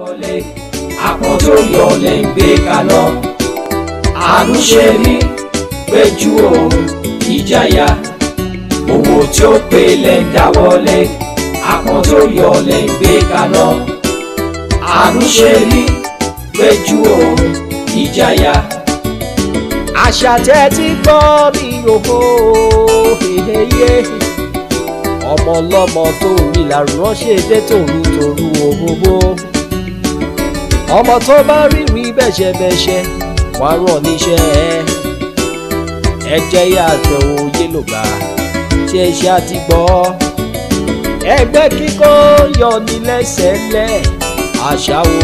wọlé àpò tó yọ lè gbé kaná àánú ṣe mí péjú òun ìjayà owó tí ó pè lè dá wọlé àpò tó yọ lè gbé kaná àánú ṣe mí péjú òun ìjayà. àṣà tẹ́ ti gbọ́ mi yòó heheye ọmọ ọlọ́mọ tó rí làrúrán dé tòun torú owó ọmọ tó bá rírí bẹ́ṣẹ̀bẹ́ṣẹ̀ wàá rọ̀ níṣẹ́ ẹ jẹ́ yàtọ̀ òye ló gbà tí ẹ ṣe àti gbọ́ ẹgbẹ́ kíkọ́ yọ ní lẹ́sẹ̀lẹ̀ àṣà wo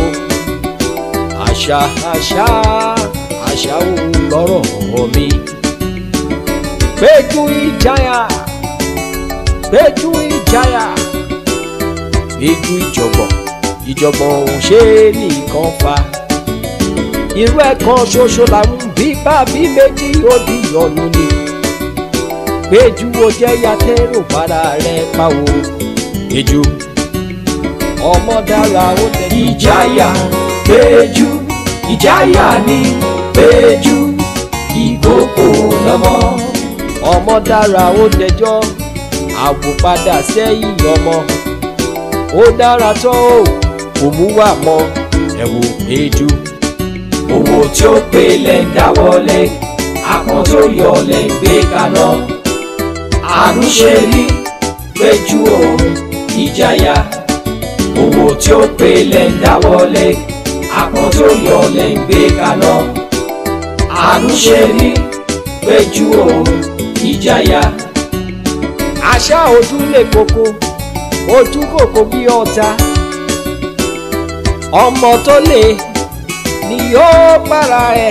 àṣà àṣà àṣà wo lọ́rọ̀ mi Péjú Ìjàyà Péjú Ìjàyà Péjú Ìjọ̀gbọ̀n ìjọ̀gbọ̀n òun ṣe é nìkan fa irú ẹ̀ kan ṣoṣo làwọn bí bá bí méjì ó di ọ̀nù ni péjú wo jẹ́ yàtẹ́rò para rẹ̀ pawó péjú ọmọ dára ó tẹ̀. ìjáyà péjú ìjáyà ni péjú ìkókò lọ́mọ. ọmọ dára ó dẹjọ́ àwòpadà sẹ́yìn ọmọ ó dára tó o òmùwàmọ́ ẹ̀wò èédú. owó tí ó pé lẹ̀ ń dáwọ́lé àpọ̀n tó yọ lẹ̀ ń gbé kaná àánú ṣe rí péjú òun ìjayà owó tí ó pé lẹ̀ ń dáwọ́lé àpọ̀n tó yọ lẹ̀ ń gbé kaná àánú rí péjú òun ìjayà. àṣà ojú lè koko ojú kòkó bí ọ̀tá ọmọ tó lè ni yóò para ẹ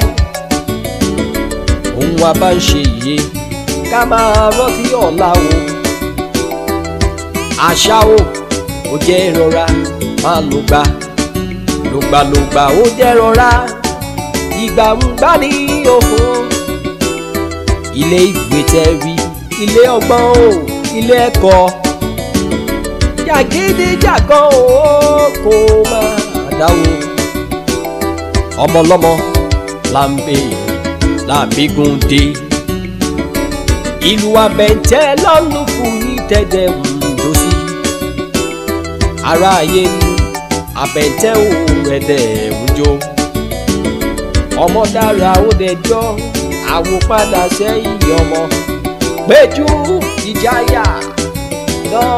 ohun a bá ń ṣe yìí ká máa rántí ọ̀la o àṣà o ò jẹ́ ìrora máa lò gbà lògbàlògbà ó jẹ́ ìrora ìgbà ń gbà ní òfò ilé ìwé tẹ ilé ọgbọ́n o ilé ẹ̀kọ́ jàgídíjàgan o kò máa dáwó ọmọ ọlọ́mọ là ń béèrè là ń bígun dé ìlú abẹ́ntẹ́ lọ́rùn fún ìtẹ̀dẹ̀ ńdó sí ara ayé ni abẹ́ntẹ́ òun ẹ̀dẹ̀ ẹ̀wùjọ ọmọ dára ó dẹjọ́ padà sẹ́yìn ọmọ péjú ìjáyà náà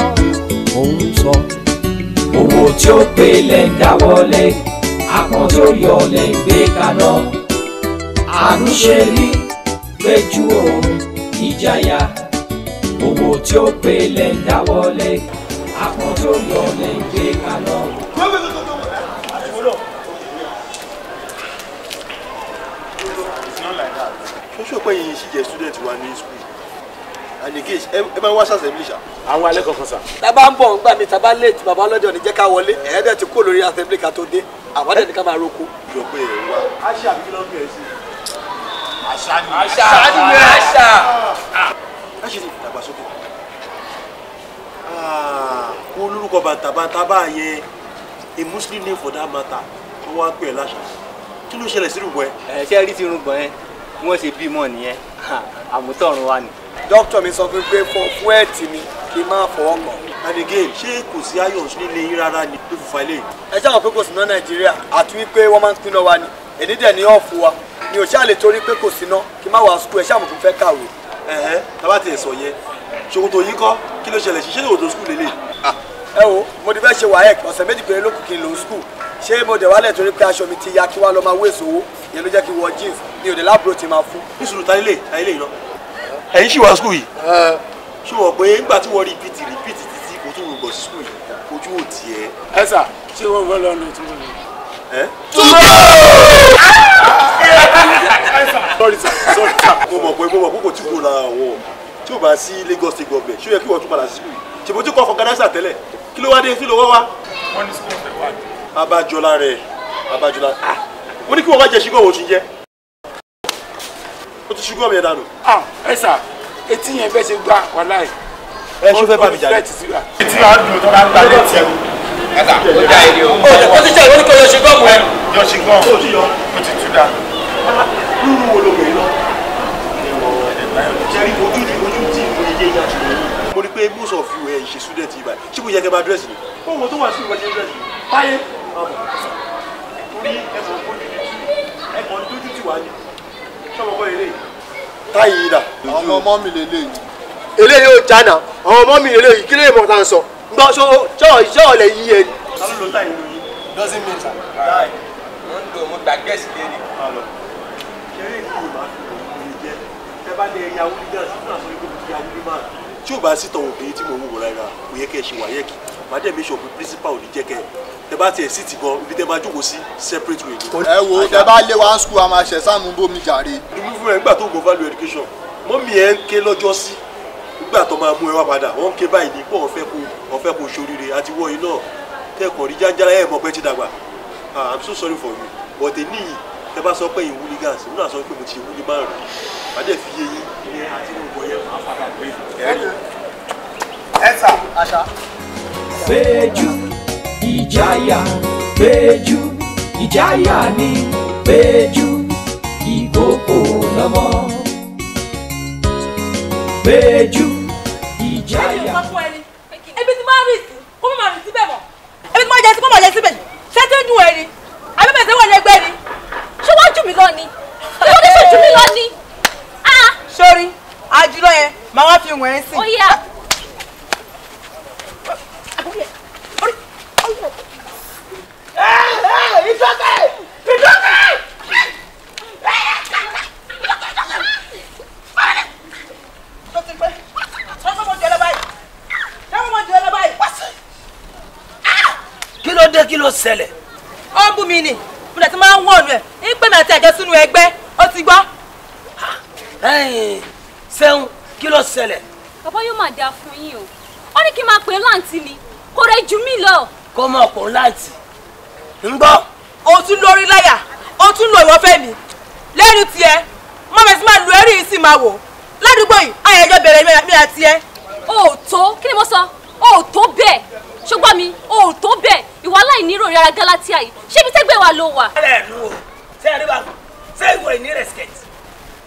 òun sọ. So owó tí ó pé lẹ̀ ń dáwọ́lé apọ́n tí ó yọ lẹ̀ ń gbé kaná àánú ṣe rí péjú òun ìjayà owó tí ó pé lẹ̀ ń dáwọ́lé apọ́n tí ó yọ ń gbé kaná. ṣé o pé yìnyín ṣì jẹ́ student wa ní school àdìgéjì ẹ máa ń wá ṣàṣẹ ìbílíṣà. àwọn alẹ́ kankan sà. tábà ń bọ̀ nígbà mi tábà late bàbá ọlọ́dẹ òní jẹ́ ká wọlé ẹ̀ẹ́dẹ̀ ti kó lórí assembly ká tó dé àwọn ẹ̀dẹ̀ ní ká máa roko. yọ pé ẹ wá. àṣà àbí kí ló ń bẹ̀rẹ̀ sí i. àṣà ni àṣà ni àṣà. ẹ ṣe ti dàgbàsókè. kó ah, lórúkọ bàtàbàtà bá yẹ a muslim name for that matter tó wá pè é láṣà kí ló ṣẹlẹ̀ sí rúbọ ẹ. ẹ ṣe rí ti rúbọ yẹn bí wọ́n ṣe bímọ nìyẹn àmútọ̀run wa ni. Doctor mi sọ fún mi pé fọ fúẹ́ẹ̀tì mi kí n má fọwọ́ kàn. and again ṣé kò sí ayọ̀nsí nílé yín rárá ni tó fi fa ilé yìí. ẹ ṣáà pé kò sí ná nàìjíríà àti wípé wọ́n máa ń pinnu wa ni èdè dẹ̀ ní ọ̀fù wa ni ò ṣáà lè torí pé kò sí ná kí n má wà skul ẹ ṣáà mo tún fẹ́ kàwé. ẹ̀hẹ́ tábà tiẹ̀ sọ yẹn ṣòkòtò yìí kọ́ kí ló ṣẹlẹ̀ ṣiṣẹ́ òdo skul lélẹ̀. ẹ wo mo ti fẹ́ ṣe wáyẹ̀k ọ̀sẹ̀ méjì péré ló kù kí n lò ó skul ṣé mo dẹ̀ wálẹ̀ torí pé aṣọ mi ti ya kí wá lọ́ máa wé ìṣòwò yẹn ló jẹ́ kí wọ jeans mi ò dẹ̀ láàbùrò ti máa fún. nísùrù táyé lè táyé lè yìí náà ẹ̀yin ṣì wá skul yìí. ṣé wọ́n pé nígbà tí wọ́n repeat repeat títí kò tún gbọ̀ sí skul yìí ojú ò tiẹ̀. ẹ sà ṣé wọ́n wọ́n lọ́nà tó lọ́nà. ẹ. túbọ̀. sorry sir sorry sir. mo mọ̀ pé mo mọ̀ kókò tí kò la wọ̀ tí o bá sí Lagos State government ṣé o yẹ kí wọ́n tún padà sí skul yìí ṣèbó tí kò fọkàndáṣà tẹ́lẹ̀ kí ló wá dé kí ló wá wá. wọ́n ní skul tẹ̀ wá. abájọlá rẹ̀ abájọlá. wọ́n ah, ní kí wọ́n wá jẹ ṣígọ́ òṣìṣẹ́ o ti ṣùgbọ́n mi ẹ̀ dànù. ẹ sà etí yẹn fẹ́ ṣe gbà wà láì. ẹ ṣó fẹ́ bá mi jáde. etí máa ń dùn tó bá ń gbalẹ̀ tiẹ̀ o. ẹ sà ó já èrè o. o ti jẹ́ ìwé ní kò yọ ṣùgbọ́n mu ẹ. yọ ṣùgbọ́n o ti yọ o ti tú dànù. lúlu wo ló wẹ̀ lọ. jẹ́rí ojú ti ojú ti mo ní yé yàtọ̀ mo rí pé most of you ẹ̀ ṣe student yìí báyìí ṣé mo yẹ kẹ́ bá dírẹ́sì ni. ohun tó wà sí ìwọ́n ṣe dírẹ́sì. báyé torí ẹ̀kọ́ ojú ti ẹ̀kọ́ ojú ti wà ní àwọn ọmọ mi lè léyìí. eléyìí ò lè mọ̀ tá à ń sọ gbọ́ sọ sọ iṣẹ́ ọ̀lẹ̀ yìí ẹ̀. kálọ̀ ló táyì lóyún dọ́sí mi ta. mo ń lo mo gbà gẹ́sì lérí. kẹrin kì í máa fi òun jẹ ẹ bá lè ya wúlí náà sí fún àsọyé kó fi ya wúlí máa. tí ò bá sí tọ̀wọ̀ kì í tí mo ń wò lára kò yẹ kẹ́ ẹ ṣe wáyé kì màá mi sọ principal ò ní tẹ bá tiẹ̀ sí ti gan ibi tẹ máa jókòó sí separate way. ẹ wo tẹ bá lé wa school a máa sáàmù bómi jàre. ìlú fún ẹ nígbà tó gbọ́ value education mọ́mì ẹ ń ké lọ́jọ́ sí nígbà tó máa mú ẹ wá padà wọ́n ń ké báyìí ní pọ̀ ọ̀fẹ́ kó ọ̀fẹ́ kó ṣoríire àti wọ iná kẹ́kọ̀ọ́ rí jájára ẹ̀ mọ̀ pé ti dàgbà ah, i'm so sorry for you but èmi yìí tẹ bá sọ pé ìwú ni gas nínú àsọ pé mo ti ìwú márùn àdé ẹ sà àṣà. Beju, ìjáyà Beju, ìjáyà ni Beju, ìkókó lọ́mọ. Péjú ìjáyà. Ebi tí máa rìn sí, kó má rìn síbẹ̀ mọ́. Ebi tí máa jẹ sí, kó má jẹ síbẹ̀. Ṣé tí ń dùn ẹ̀ ni? Àbí bẹ̀rẹ̀ sí wọ̀ ni? Ṣé wọ́n jù mí lọ ni? Ṣé wọ́n jù mí lọ ni? Ah! Sori, àjùlọ yẹn, màá wá fi wọ̀nyẹn sí. Ó yà. kí ló ṣẹlẹ̀. ó ń bú mi ni mo dẹ̀ ti máa ń wọ̀nù ẹ̀ ń pè mí àti ẹ̀jẹ̀ sínú ẹgbẹ́ ó ti gbọ́. sẹ́hun kí ló ṣẹlẹ̀. bàbá yóò máa dáa fún yín o ó ní kí n máa pè é láǹtí ni kò rẹ̀ jù mí lọ kó mọ̀ pọ̀ láti ń gbọ́. o tún lórí láyà o tún lo ìwọ fẹ́ mi lẹ́nu tiẹ̀ mọ́mẹ́sì máa lu ẹ̀rí yìí sì máa wò ládùúgbò yìí ayẹyẹ bẹ̀rẹ̀ mi àti ẹ. o ò tó kí ni mo sọ o ò tó bẹ́ẹ̀ ṣùgbọ́n mi o ò tó bẹ́ẹ̀ ìwà aláìní ìròyìn ara galatia yìí ṣé ibi tẹ́gbẹ́ wa ló wà. ẹ ẹ nu o ṣé ẹ rí bá ṣé ìwọ ìní rẹsikẹti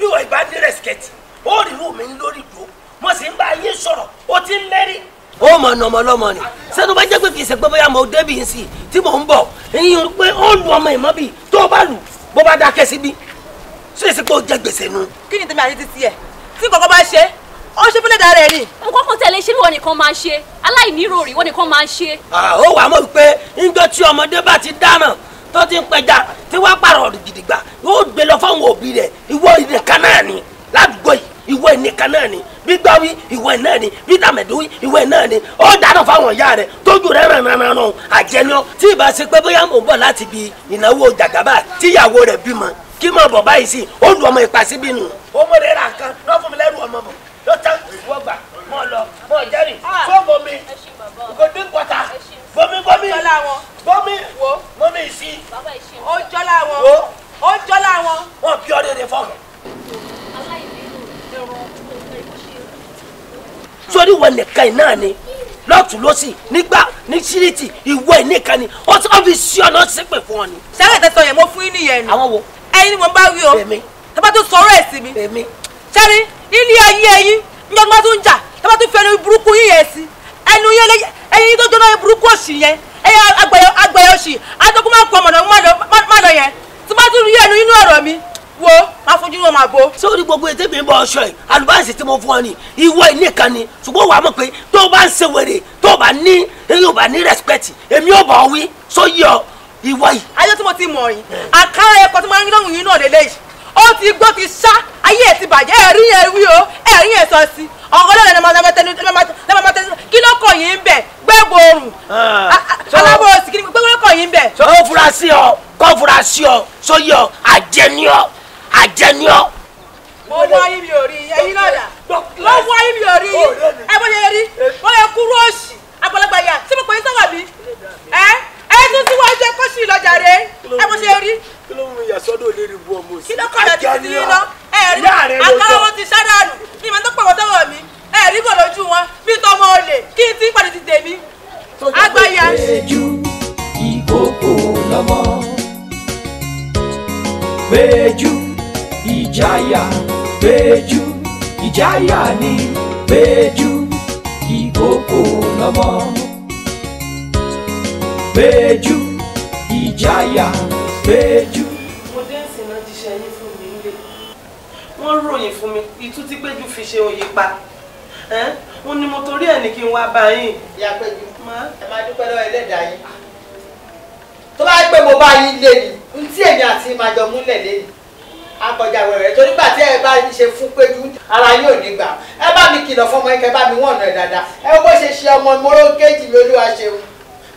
ìwọ ìbá ní rẹsikẹti ó rí wù mí lórí ìdúró mo sì ń bá ayé sọ̀rọ̀ ó ti ń lérí ó mọ̀ ọ̀nà ọmọ ọlọ́mọ ni sẹ́nu bá jẹ́ pé kì í ṣe pé bóyá mo débi ń sì tí mò ń bọ̀ ìyẹn pé ó lu ọmọ ìmọ̀ bíi tó o bá lù bó bá dákẹ́ síbí ṣé èsì pé ó jẹ gbèsè nu. kí ni tèmi àti títí ẹ tí kọ̀ọ̀kan bá ṣe ó ṣe fúnlẹ̀ dára ẹ̀ ni. mo kọ́kọ́ tẹ̀lé ṣé wọn nìkan máa ń ṣe aláìníròrí wọn nìkan máa ń ṣe. ó wà á mọ̀ pé ńjọ́ tí ọmọdé bá ti dáràn tó ti ń pẹja tí wàá pààrọ̀ gidigba yóò gbé lọ fáwọn òbí rẹ̀ ìwọ ìrẹ̀ká náà ni ládùúgbò yìí ìwọ nìkan náà ni gbígbá wí ìwọ náà ni bítàmẹ̀dù wí ìwọ náà ni ó dáná fáwọn ìyá rẹ tójú rẹ ràn ràn ràn àjẹnú tí ìbá ṣe pé bóyá mò ń bọ̀ láti bi ìnáwó jàgàbá tíyàwó rẹ̀ bímọ kí mọ̀ bọ̀ báyìí sí ó lu ọmọ ìpàsí bínú. owó rẹ̀ rà kan lọ́ fún mi lẹ́rù ọmọ bọ̀ ló tán ìwọ gbà mọ̀ lọ mọ̀ jẹ́rì ah. fọ́ọ̀mù mi gòdì pọ̀tà bomi bomi bomi bomi ìsí. ó jọ́lá wọn ó jọ́lá wọn. wọn bí ọdẹ rẹ fọkàn. sórí ìwọ nìkan yìí náà ni lọ́tún lọ́sì nígbà ní síríìtì ìwọ yìí nìkan ni ó ti ọ́fíìsì sí ọ̀nà sípè fún ọ ni. sẹ́rẹ̀ tẹ́tọ̀ yẹn mo fún yín nìyẹn nù. àwọn wo. ẹyin ni mo bá wí o. èmi. tọ́ba tó sọ̀rọ̀ ẹ̀ sí mi. èmi. sẹ́ni nílé ayé ẹyin níjọ́ tó bá tún jà tọ́ba tó fẹ́ ẹnu burúkú yín sí ẹnu yẹn ẹyin tó jóná burúkú òsì yẹn ẹyin agbẹ̀yọ̀ òsì adókùnmá kọ mọ̀nà yẹn tọ́ba tó rí inú ọ̀rọ̀ mi wo máa fojú wọn máa bo. sórí gbogbo ètè mi bọ ọṣọ yìí alùbáàsì tí mo fún ọ ni ìwọ ilé kan ni ṣùgbọ́n wàá mọ̀ pé tó o bá ń ṣe wèrè tó o bá ní èyí ò bá ní rẹ́spẹ̀tì èmi ò bọ̀ wí sóyè ọ ìwọ yìí. ayé tí mo ti mọ̀ yìí àkàrà ẹ̀kọ́ tí mo ń lọ́rùn yìí náà lélẹ̀ yìí ó ti gbó ti sá ayé ẹ̀ ti bàjẹ́ ẹ̀rí yẹn wí o ẹ̀rí yẹn sọ sí ọ̀gọ́ lọ́dọ̀ kí ló kọ̀ yín bẹ̀ gbẹ́gbòòrùn alábòòsì kí ló kọ̀ yín bẹ̀. ó fura sí ọ kó fura sí ọ sóyè ọ àjẹni ọ àjẹniọ́. mo wọ ayé mi ò rí ẹyin náà dà mo wọ ayé mi ò rí yín ẹ bó ṣe rí mo yẹ kúrú òṣì àgbàlagbà yà sí mo pè é sọ̀rọ̀ mi ẹ ẹ tún sí wájú ẹ kó sí ìlọjà rẹ ẹ bó ṣe rí. kí ló mú ìyàsọ́dọ̀ lè rí bu ọmọ òsì àjẹniọ́ ẹ̀rí agbára wọn ti ṣádàánù ní ìmọ̀ tó pọ̀ wọ́n sọ̀rọ̀ mi ẹ̀rí bò lójú wọn bí tọmọ olè kí n ti padà ti tèmi agbáya. péjú ìkókó lọ́mọ péjú ìjáyà péjú ìjáyà ni péjú ìkókó lọ́mọ péjú ìjáyà péjú. mo dé ìsìn náà jíṣẹ́ yín fún mi nílé wọ́n ròyìn fún mi ìtú tí péjú fi ṣe òye pa ó ní mo torí ẹ̀ ní kí n wá bá yín. ìyá péjú ẹ máa dúpẹ́ lọ́wọ́ ẹlẹ́dàá yín tó bá yẹ pé mo bá yín lé ni ntí èmi àti ìmàjọ múlẹ̀ lé ni akọjá wẹrẹ torí gbà tí ẹ bá ṣe fún péjú ara yóò nígbà ẹ bá mi kìlọ̀ fọmọ yín kẹ bá mi wọ̀nà ẹ̀ dáadáa ẹ bó ṣe ṣe ọmọ mọ́rọ́ kéjì mi olúwa ṣeun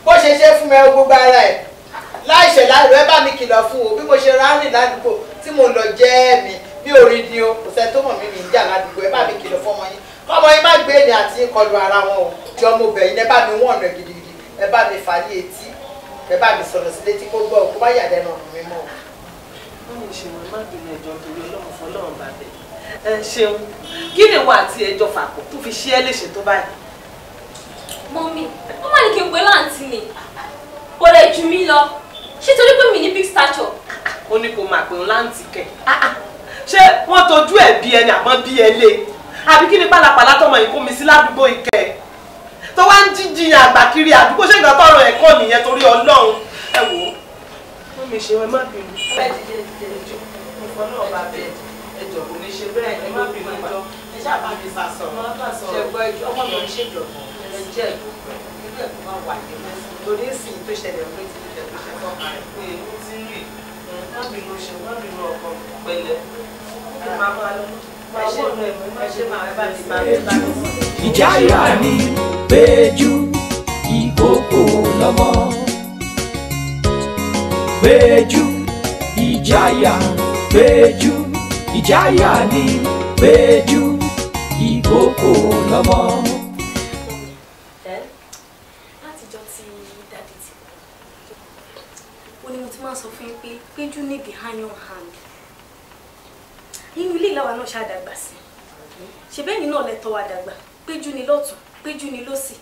bó ṣe ṣe fún mi ẹ gbogbo ara ẹ láìṣẹ̀ láìrò ẹ bá mi kìlọ̀ fún o bí mo ṣe rárìn ládùúgbò tí mo lọ jẹ́ mi bí orin ni o kò sẹ́ni tó mọ̀ mí mi ń jà ládùúgbò ẹ bá mi kìlọ̀ fọmọ yín kọ́mọ yín má gbé èmi àti kọlu ara wọn o jọ mo bẹ̀ yín ẹ bá mi wọ̀nà gidigidi ẹ bá mi fà ní etí ẹ bá mi sọ̀rọ̀ sí létí kó gbọ́ kó má yà lẹ́nu ọ̀rùn mi mọ́ o mọ́mí ṣeun má bínú ẹjọ́ torí ọlọ́run fún ọlọ́run bá bẹ̀ ẹ ṣeun kí ni wà àti ẹjọ́ fàpọ̀ tó fi ṣe é léṣe tó báyìí. mọ́mí wọ́n máa ní kí n pè láǹtí ni kò lè jù mí lọ ṣé torí pé mi ní big stature. ó ní kò máa pè ń láǹtí kẹ ṣé wọ́n tọ́jú ẹ̀ bí ẹni àmọ́ bí ẹ lé àbí kí ni pálapàla tọmọ yìí kó mi sí ládùúgbò ìkẹ́ tó wá ń jíjiyàn àgbà kiri àdúgbò ṣé ìgbà tọrọ ẹ̀kọ́ nìyẹn torí ọlọ́run ẹ wò ó mi ṣe ẹ má bínú. ẹ jíjẹ jíjẹ ẹjọ mo fọ náà bá bẹ ẹjọ kò ní ṣe bẹ́ẹ̀ ẹ má bínú ẹjọ ẹ ṣáà bá mi sàsọ ṣe gbọ́ ẹjọ ọmọ mi ò ṣe ìjọba ẹ jẹ ìlú ìlú ẹ̀kọ́ máa wà ní mẹ́sàn-án torí ìsìn tó ṣẹlẹ̀ ló ti ṣẹlẹ̀ tó ṣẹlẹ̀ fọ́ọ̀mà rẹ̀ pé ó ti rí má bínú ṣe má bínú ọkọ pẹ̀lẹ́ kí máa máa lọ máa ṣe ọ̀nà ẹ̀mọ́ máa ṣe máa bá ti bá mi bá mi. ìjà ìrà ni péjú ìkókó lọ́mọ. Péjú Ijaya, Péjú ìjáyà ni Péjú ìkókó lọ́mọ. látijọ́ tí dáàdi ti kú ó ní mo ti máa sọ fún yín pé Péjú ní the iron hand inú ilé ìlàwà náà ṣàdàgbà sí ṣe bẹ́ẹ̀ ni náà lẹ́tọ́ wa dàgbà Péjú ni lọ́tún Péjú ni lọ́sì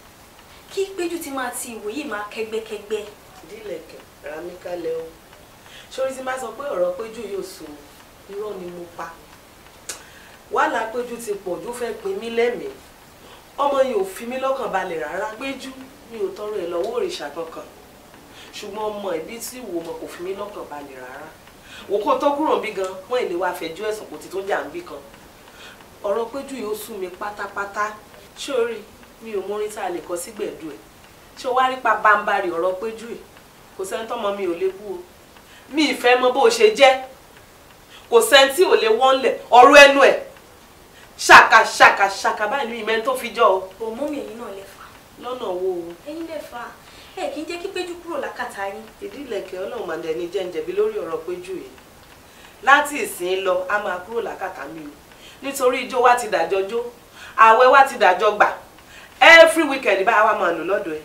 kí Péjú ti máa ti ìwòyí máa kẹgbẹ́kẹgbẹ́ dílẹ̀kẹ̀ rà mí kalẹ̀ o sórí tí má sọ pé ọ̀rọ̀ péjú yóò so irọ́ ni mo pa wàhálà péjú ti pọ̀ jù fẹ́ pin mí lẹ́mìí ọmọ yìí ò fi mí lọ́kàn balẹ̀ rárá péjú mi ò tọrọ ẹ̀ lọ́wọ́ òrìṣà kankan ṣùgbọ́n ọmọ ẹ̀bí tí ìwò ọmọ kò fi mí lọ́kàn balẹ̀ rárá wò kó tó kúrò bí gan wọ́n èlé wa fẹ̀jú ẹ̀sùn kò ti tó jà ń bí kan ọ̀rọ̀ péjú yóò sú mi pátápátá ṣé o mi ò mórí tá a lè kọ sígbẹ̀dù ẹ̀ ṣé o wá rí pa bámbárì ọ̀rọ̀ péjú yìí kò sẹ́ni tọ́mọ mi ò lè bú o mi ìfẹ́ mọ bó o ṣe jẹ́ kò sẹ́ni tí ò lè wọ́n lẹ̀ ọ̀rọ̀ ẹnu ẹ̀ ṣàkà ṣàkà ṣàkà báyìí ní ìmẹ́ni tó fi jọ o. òmú mi èyí náà lè fà. lọ́nà wo o. ẹ̀yin lè fà ẹ kì í jẹ́ kí péjú kúrò lákàtà yín. ìdílẹ̀kẹ̀ ọlọ́run màdẹ́ni jẹ́ǹjẹ̀bi lórí ọ̀rọ̀ péjú yìí láti ìsìn lọ a máa kúrò lákàtà mi o nítorí ijó wa ti dàjọ́ jó àwẹ̀ wa ti dàjọ́ gbà every weekend báyà wa máa lò lọ́dọ̀ ẹ̀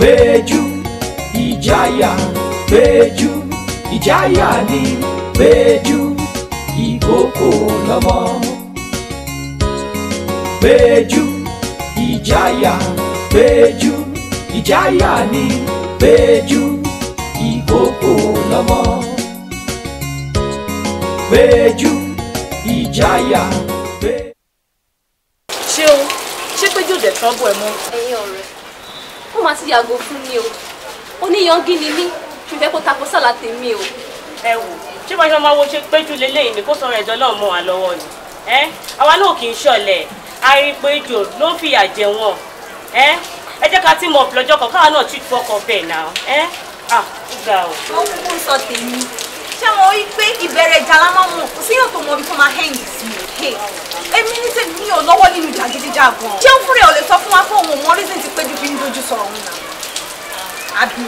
Beju, Ijaya, Beju, Ijaya ni Péjú ìkókó lọ́mọ. Beju, Ijaya, Beju, Ijaya ni Beju, ìkókó lọ́mọ. Péjú ìjáyà Péjú. ṣé o ṣé Péjú ò dẹ̀ tọ́ bọ̀ ẹ mọ́. ẹ̀yin ọ̀rẹ́ ó máa ti yàgò fún mi o oníyangi ni mí kí n fẹ́ kó tako sàlá tèmi o. ẹ wò ṣé wọn ṣe máa wo ṣe péjú lélẹyìn ni kó sọ ẹjọ́ náà mọ wà lọ́wọ́ ni ẹ àwa náà kì í ṣọ̀lẹ àìrípéjọ ló ń fìyà jẹ wọn ẹ ẹ jẹ́ ká tí mọ̀ lọ́jọ́ kan káwa náà ti fọkàn bẹ́ẹ̀ náà ẹ à gbà o. wọ́n kúkú sọ tèmi ṣé mo rí pé ìbẹ̀rẹ̀ ìjà la máa mọ̀ kò sí yàn tó mọ ibi tó máa hẹ́yìn sí i. èmi ní tèmi mi ò lọ́wọ́ nínú ìjà gidi jà gan. ṣé ó fúnra ẹ̀ ò lè sọ fún wa fún òun ò mọ rí àbí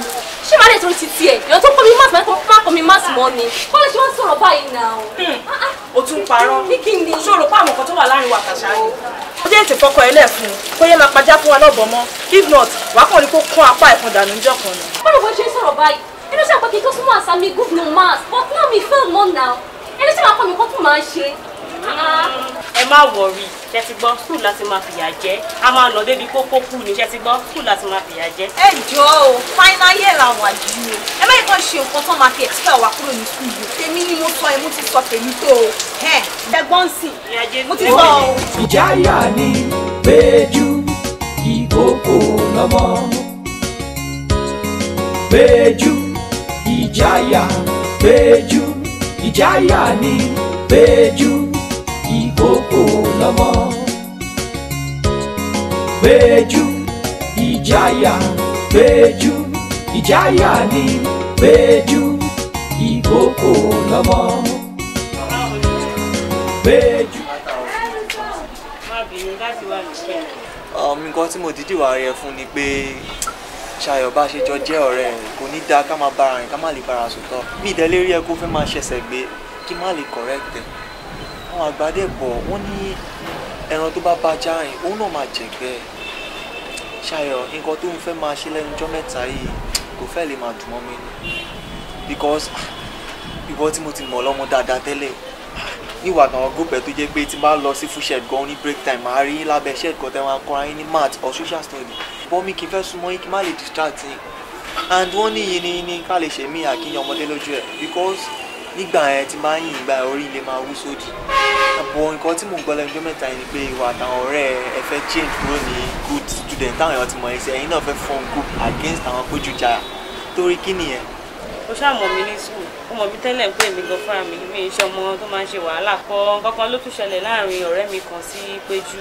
ṣé máa lè torí títí ẹ̀ èèyàn tó kọ́ mi máàsì máa ń kọ́ mi máàsì mọ́ ni kọ́lé ṣe máa ń sọ̀rọ̀ báyìí náà. Hmm. Ah, ah. o tún parọ́ ṣòro pa àwọn nǹkan tó wà láàrin wa kàṣá ni. ó jẹ́ ètò fọkọ ẹ̀ lẹ́fun kó yẹ máa pajá fún wa lọ́bọ̀ mọ́ if not wàá kàn ní kó kún apá ẹ̀fọn dànù níjọ́ kan ni. bọ́lá bó ṣe ń sọ̀rọ̀ báyìí ẹni ṣe àpapọ̀ kíkọ́ súnmọ́ àṣà mi gúgùn mass but now mi fail more now ẹni ṣe máa kọ́ mi kọ́ tún máa ṣe ẹ má wọrí ṣe ti gbọ́ skul láti máa fìyà jẹ a máa nà débi kókó kù ní ṣe ti gbọ́ skul láti máa fìyà jẹ. ẹ jọ o final year la wà jù o ẹ má kàn ṣe nǹkan tó máa fi ẹ̀tíkà wá kúrò ní skul yìí tèmi ni mo sọ ẹ mo ti sọ tèmi tó o ẹgbọ́n sì mo ti sọ o. ìjáyà ni péjú ìkókó lọ́mọ péjú ìjáyà péjú ìjáyà ni péjú ìkókò lọ́wọ́ péjú ìjáyà péjú ìjáyà ni péjú ìkókò lọ́wọ́ péjú. ọmọ nǹkan tí mo dídì wá rẹ fún ni pé ṣayọ̀ bá ṣe jọ jẹ́ ọ̀rẹ́ rẹ̀ kò ní dáa ká máa bára rìn ká má lè bára sòtọ́ bí ìdẹ́lérí ẹ kó fẹ́ máa ṣẹ̀ṣẹ̀ gbé kí má lè correct ẹ̀ àwọn àgbàdé bọ̀ wọ́n ní ẹran tó bá bàjá yìí òun náà máa jẹ̀gbẹ́ ṣayọ̀ nǹkan tó ń fẹ́ máa ṣe lẹ́nu ọjọ́ mẹ́ta yìí kò fẹ́ lè máa dùn mọ́ mi because ìwọ tí mo ti mọ̀ lọ́mọ dáadáa tẹ́lẹ̀ níwà àwọn gúpẹ̀ tó jẹ́ pé tí bá lọ sí fúnṣẹ̀d gan ní break time máa rí lábẹ́ ṣẹ́ẹ̀d kan tẹ́ máa kọ́ra yín ní math or social study bọ́ mi kì í fẹ́ súnmọ́ yín kí n má lè distract yín and wọ́n ní yín ní ká lè ṣe mí àkíyàn ọmọdé lójú ẹ̀ because nígbà yẹn tí máa ń yìn gba orí ilé máa wú sódì àbọ̀ nǹkan tí mò ń gbọ́ lẹ́nu ọjọ́ mẹ́ta ni pé ìwà àtàwọn ọ̀rẹ́ ẹ fẹ́ change kúrò ní good student táwọn èèyàn ti mọ̀ ẹsẹ̀ ẹ̀yin náà fẹ́ form group against àwọn péjújà torí kí nìyẹn. ó ṣàmọ̀ mi ní sùn ó mọ̀ mí tẹ́lẹ̀ pé èmi gan fúnra mi mi iṣẹ́ ọmọ tó máa ń ṣe wàhálà kọ́ kankan ló tún ṣẹlẹ̀ láàrin ọ̀rẹ́ mi kan sí péjú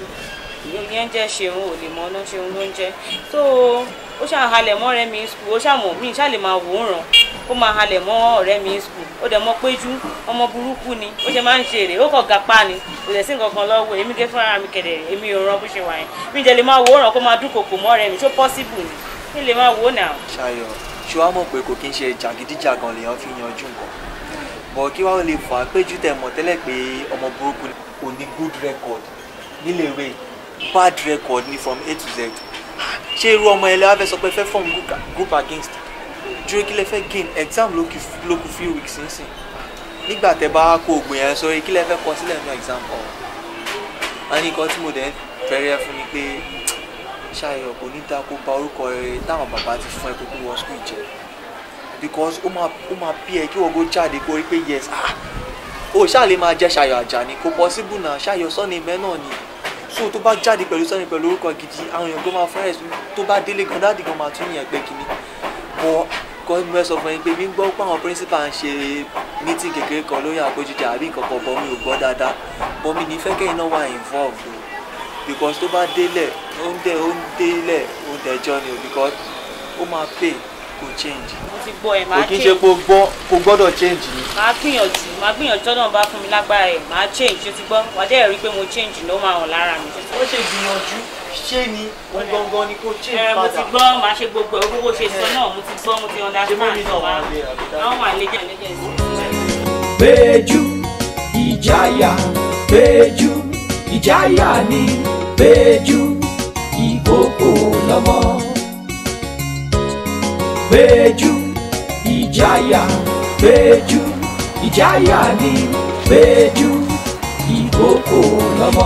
yẹn jẹ́ ṣeun ò lè mọ ọ́nà ṣeun ló ń jẹ́ tó ó ṣàhalẹ̀ mọ́rẹ́ mi sùn ó ṣàmọ̀ mi ṣàlè máa wòóràn ó máa halẹ̀ mọ́ ọ̀rẹ́ mi skul ó dẹ̀ mọ́ péjú ọmọ burúkú ni ó ṣe máa ń ṣe èrè ó kàn gapá ni kò dẹ̀ sí nǹkan kan lọ́wọ́ èmi gé fúnra mi kẹ̀dẹ̀ èmi ò ràn bó ṣe wà yẹn mi jẹ́ lè máa wò ó ràn kó máa dúnkokò mọ́ ọ̀rẹ́ mi ṣó possible ni mi lè máa wò ó nà. ṣayọ ṣé wàá mọ̀ pé kò kí n ṣe jàgídíjàgan lèèyàn fi yanjú nǹkan bọ̀ kí wàá lè fà á péjú tẹ̀ mọ̀ tẹ́lẹ̀ pé ọmọ burúkú kò ní good record níléèwé bad record ni from a to z ṣé irú ọmọ ẹlẹ́wàá fẹ́ sọ pé fẹ́ form group against dúró kí lẹ fẹ́ gain exam ló kù few weeks nísìn nígbà tẹ bá kó oògùn yẹn sórí kí lẹ fẹ́ kọ sílẹ̀ nínú exam ọ̀ wọn ní nǹkan tí mo dẹ̀ ń fẹ́rẹ́ fún ni pé ṣayọ̀ kò ní dáa kó ba orúkọ rere táwọn bàbá ti fún ẹ kó kó wọ school jẹ because ó máa ó máa bí ẹ kí wọ́n kó jáde kó rí pé yes ah o ṣáà lè máa jẹ́ ṣayọ̀ àjà ni kò possible náà ṣayọ̀ sọ́ni ìmẹ́ náà ni so tó bá jáde pẹ̀lú sọ́ni pẹ̀lú orúkọ gidi àwọn èèyàn tó máa fẹ́rẹ̀ tó bá délé gan dáàdì gan máa tún yàn pé kíní bọ́ kọ́ mi sọ fún yín pé mi ń gbọ́ pé àwọn principal ń ṣe meeting kékeré kan lórí àpéjúdé àbí nǹkan kan bọ́ mi ò gbọ́ dáadáa bọ́ mi ní fẹ́ kẹ́yìn náà wà involved o because tó bá délẹ̀ ó ń dé ó ń délẹ̀ ó ń dẹjọ́ ni o because ó máa pay kò change. mo ti gbọ́ ẹ̀ máa change kò kí n ṣe kó gbọ́ kó gbọ́dọ̀ change ni. màá gbìyànjú màá gbìyànjú tọ́nà bá fún mi lágbára ẹ̀ màá change ṣé ti gbọ́ wàá dẹ́ rí i pé mo change ló máa hàn lára mi. ó ṣe gbìyànjú ṣé ni o gangan ni kò ṣe ìpadà. mo ti gbọ́ màá ṣe gbogbo ẹ̀ owó ṣe sọ náà mo ti gbọ́ mo ti understand wa náà wà lẹ́jẹ̀ lẹ́jẹ̀ sí. Péjú ìjàyà Péjú ni Péjú ìkókó lọ́mọ. Péjú ìjàyà Péjú ìjàyà ni Péjú ìkókó lọ́mọ.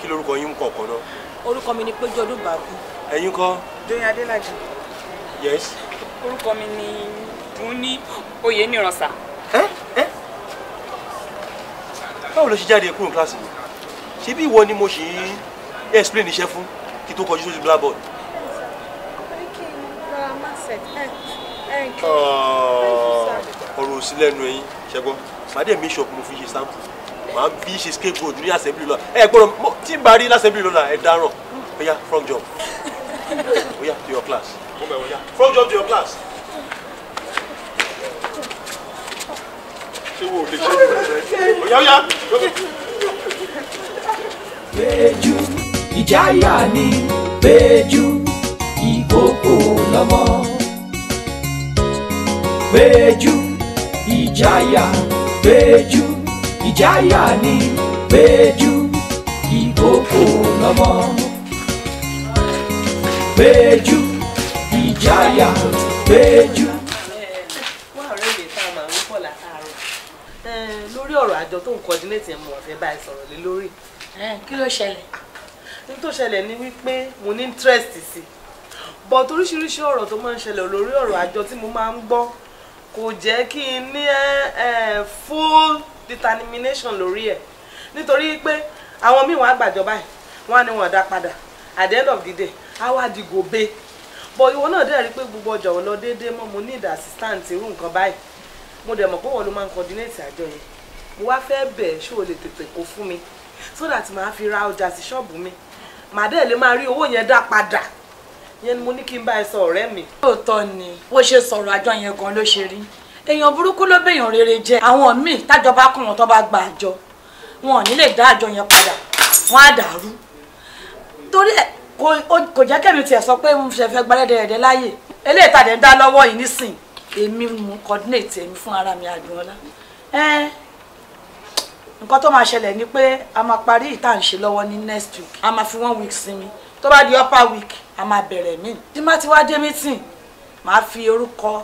kí lorúkọ yín kọ̀ọ̀kan náà. orúkọ mi ni péjú ọdún bàákú. ẹ̀yin kọ́. joyin adélàjì. yes. orúkọ mi ni dúní oyè nìrànsà. ẹ ẹ báwo ló ṣe jáde kúrò kíláàsì mi ṣé bí ìwọ ni mo ṣì ń explain iṣẹ́ fún kí tó kọjú sójú blackboard. ọ̀rọ̀ òsì lẹ́nu ẹ̀yin ṣẹ́gbọ́n màdé mi ṣọ̀kùn mo fi ṣe sample màá bí ṣe scapegoat ní assembly lọ ẹ gbọ́dọ̀ tí n bá rí lásẹ̀bí lọ́la ẹ dáràn oya front job oya to your class front job to your class. ṣé wo lè ṣe é oya oya. Péjú ìjáyà ni Péjú ìjáyà ni péjú ìkókò lọ́mọ péjú ìjáyà péjú. lórí ọ̀rọ̀ àjọ tó ń kọ́dínétì ẹ̀ mọ̀ ọ̀fẹ́ báyìí sọ̀rọ̀ lé lórí. kí ló ṣẹlẹ̀. ní tó ṣẹlẹ̀ ni wípé mo ní interest sí i but oríṣiríṣi ọ̀rọ̀ tó máa ń ṣẹlẹ̀ lórí ọ̀rọ̀ àjọ tí mo máa ń gbọ́ kò jẹ́ kí n ní full determination lórí ẹ̀ nítorí pé àwọn míì wọn àgbàjọba ẹ̀ wọn á ní wọn ọ̀dà padà at the end of the day á wá di gòbe bọ̀ ìwọ náà dẹ̀ rí pé gbogbo ọjà ò lọ déédéé mọ́ mo need assistance irú nǹkan báyìí mo dẹ̀ mọ̀ pé wọ́n ló máa ń coordinate àjọ yẹn mo wá fẹ́ bẹ̀ ṣé o lè tètè kó fún mi so that màá fi ra ọjà sí ṣọ́ọ̀bù mi màá dẹ̀ lè máa rí owó yẹn dá padà yẹn ni mo ní kí n bá ẹ sọ ọ̀rẹ́ mi. lóòótọ́ ni bó ṣe sọ̀rọ̀ àjọ yẹn gan ló ṣe rí èèyàn burúkú ló béèyàn rere jẹ àwọn míì tájọba kàn wọn tó bá gba àjọ wọn ò ní lè dá àjọ yẹn padà wọn á dàrú torí ẹ kò jẹ́ kẹ́mi tiẹ̀ sọ pé mo ṣe fẹ́ gbálẹ́dẹ̀ẹ́dẹ́ láàyè eléyìí tàdé ń dá lọ́wọ́ yìí nísìn èmi mú coordinate èmi fún ara mi àdùnọ́lá nǹkan tó máa ṣẹlẹ̀ ni pé a máa parí ìtànṣe lọ́wọ́ ní next week a máa fi one week sinmi tó bá di upper week a máa bẹ̀rẹ̀ míì tí má ti wá dé meeting màá fi orúkọ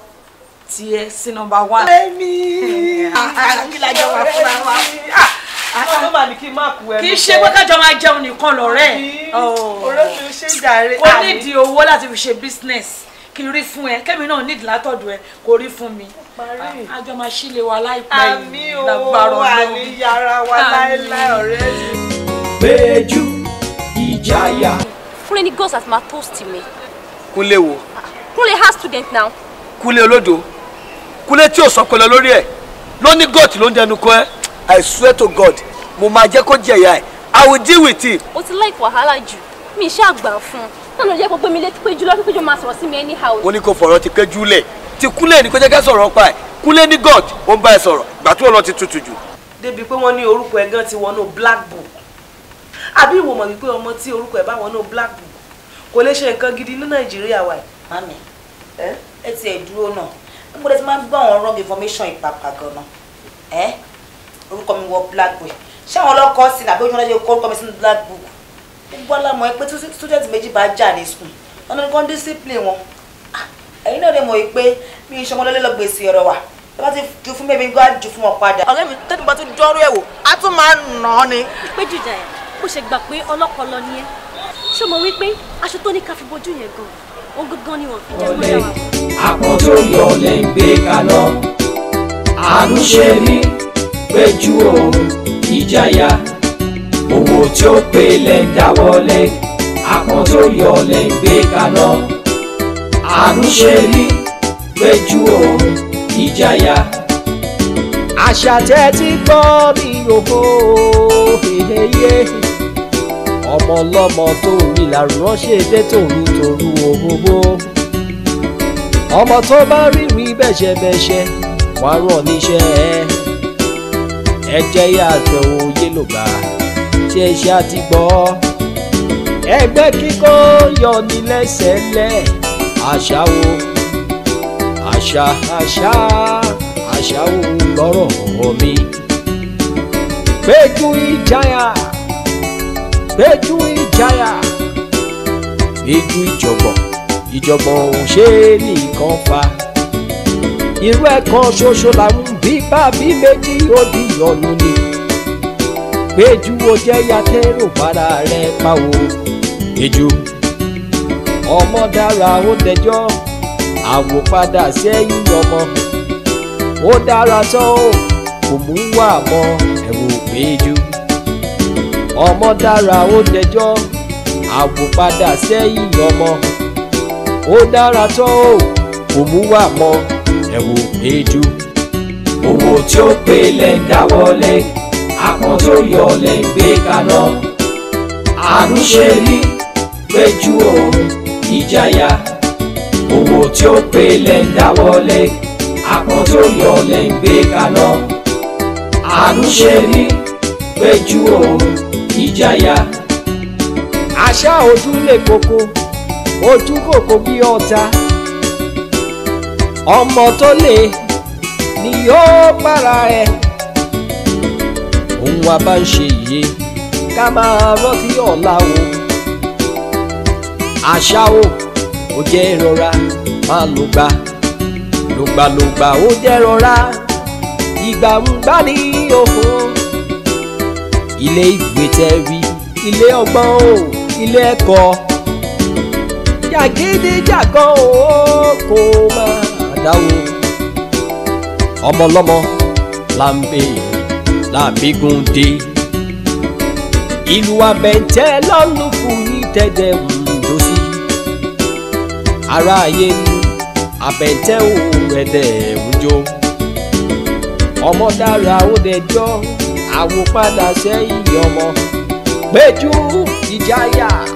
tiẹ̀ sí nọmba one. èmi ah, ah, kí la jọ Ah, fúnra wa. Ah, ọmọ màá ní kí n má kú ẹnu. kì í ṣe pé kájọ máa jẹun nìkan lọ́rẹ́. ọ̀rẹ́ mi oh. ṣe ń jàre. ó nídìí owó láti fi ṣe business kí n rí fún ẹ kẹ́mi náà nídìí látọ̀dọ̀ ẹ kò rí fún mi. àjọ máa ṣílé wa láìpẹ́ yìí lágbára ọlọ́run. àmì o àníyàrá wa láéláé ọ̀rẹ́ mi. péjú ìjáyà. Kúnlé ní girls as ma toast mi. Kúnlé wo. Kúnlé has student now. Kúnlé olódo kúlẹ̀ tí ò sọpọlọ lórí ẹ̀ ló ní god ló ń dẹnu kọ ẹ́ i swear to god mo máa jẹ́ kó jẹ̀yà ẹ̀ i will deal with it. o ti láì wàhálà jù mi ṣe àgbà fún un náà ló jẹ́ kó gbé mi létí pé jùlọ pípéjọ máa sọ̀rọ̀ sí mi anyhow. ó ní kó fọ̀rọ̀ ti pé júlẹ̀ ti Kule ni kó jẹ́ ká sọ̀rọ̀ pa ẹ̀ kúlẹ̀ ní god ó ń bá ẹ sọ̀rọ̀ ìgbà tó lọ ti tutù jù. débi pé wọ́n ní orúkọ ẹ̀ gan ti wọnú black book àbí ìwọ mọ̀ wípé ọmọ tí orúkọ ẹ̀ bá wọnú black book kò lè ṣe nǹkan gidi ní nàìjíríà wa. mami ẹ ti ẹ̀ dúró náà mo lè ti máa ń gbọ́ àwọn wrong information ìpapà gan-an ẹ́ orúkọ mi wọ black boy ṣé àwọn ọlọ́kọ sí nàbí ojú ọlọ́dẹ kọ orúkọ mi sínú black book gbogbo alámọ̀ ẹ pé tí student méjì bá jà ní school wọn ní kàn discipline wọn ah, ẹ̀yin náà lè mọ̀ yìí pé mi ìṣọmọ lọ́lẹ́ lọ gbèsè ọ̀rọ̀ wà bá ti ju fún mẹ́bí gbá ju fún ọ padà. ọ̀rẹ́ mi tẹ́tí bá tún jọ́rú ẹ̀ wò á tún máa nà án ni. pé jìjà ẹ̀ bó ṣe gbà pé ọlọ́kọ lọ ni ẹ́ ṣé mo wí pé aṣọ tó ní ká fi bojú yẹn gan-an ó gángan ni wọ́n fi jẹ́ kó yà wá. àpọ̀n tó yọ lè gbé kaná àánú ṣe mí péjú òun ìjayà owó tí ó pè lè dáwọ́lé àpọ̀n tó yọ lè gbé kaná àánú ṣe mí péjú òun ìjayà. àṣà tẹ́ ti gbọ́ mi yòó ọmọ ọlọ́mọ tó ń rí làrúrán ṣe dé tòru tòru òhòhò ọmọ tó bá rírí bẹ́ṣẹ̀bẹ́ṣẹ̀ wàá rọ̀ níṣẹ́ ẹ jẹ́ yá àtẹ̀wò yélògbà tí ẹ ṣe àti gbọ́ ẹgbẹ́ kíkọ́ yọ ní lẹ́sẹ̀lẹ̀ àṣà wo àṣà àṣà àṣà wo lọ́rọ̀ mi gbẹ́gun ìjáyà péjú ìjayà péjú ìjọ̀gbọ̀n ìjọ̀gbọ̀n ò ṣe é nìkan fa irú ẹ̀kan ṣoṣo làwọn bí bàbí méjì ó di ìyọnu ni péjú ó jẹ́ yàtẹ́rò padà rẹ̀ pa o péjú ọmọ dára ó dẹjọ́ àwòpadà sẹ́yìn ọmọ ó dára tó kò mú wà mọ́ ẹ̀wò péjú ọmọ dára ó dẹjọ́ àbò padà sẹ́yìn ọmọ ó dára tó o kò mú wà mọ́ ẹ̀wò èédú. owó tí ó pé lẹ̀ ń dáwọ́lé àpọ̀n tó yọ lẹ̀ ń gbé kaná àánú ṣe rí péjú òun ìjayà owó tí ó pé lẹ̀ ń dáwọ́lé tó yọ lẹ̀ gbé kaná àánú ṣe rí péjú òun ìjàyà. àṣà ojú lè koko ojú kòkó bí ọ̀tá ọmọ tó lè ni yóò para ẹ ohun wa bá ń ṣe yìí ká máa rántí ọ̀la o àṣà o ó jẹ́ ìrora máa lò gbà lògbàlògbà ó jẹ́ rọra ìgbà ń gbá ní òkun ilé ìwé tẹ́rí ilé ọgbọ́n o ilé ẹ̀kọ́ jàgídíjàgan o kò máa dáwọ́ ọmọlọ́mọ lambe làǹbìgùn dé ìlú abẹ́ntẹ́ lọ́nù fún ìtẹ̀dẹ̀ ńdó sí ara ayé ni abẹ́ntẹ́ òun ẹ̀dẹ̀ ńjó ọmọ dára ó dẹjọ́ àwòpadà sẹ́yìn ọmọ Péjú Ìjàyà.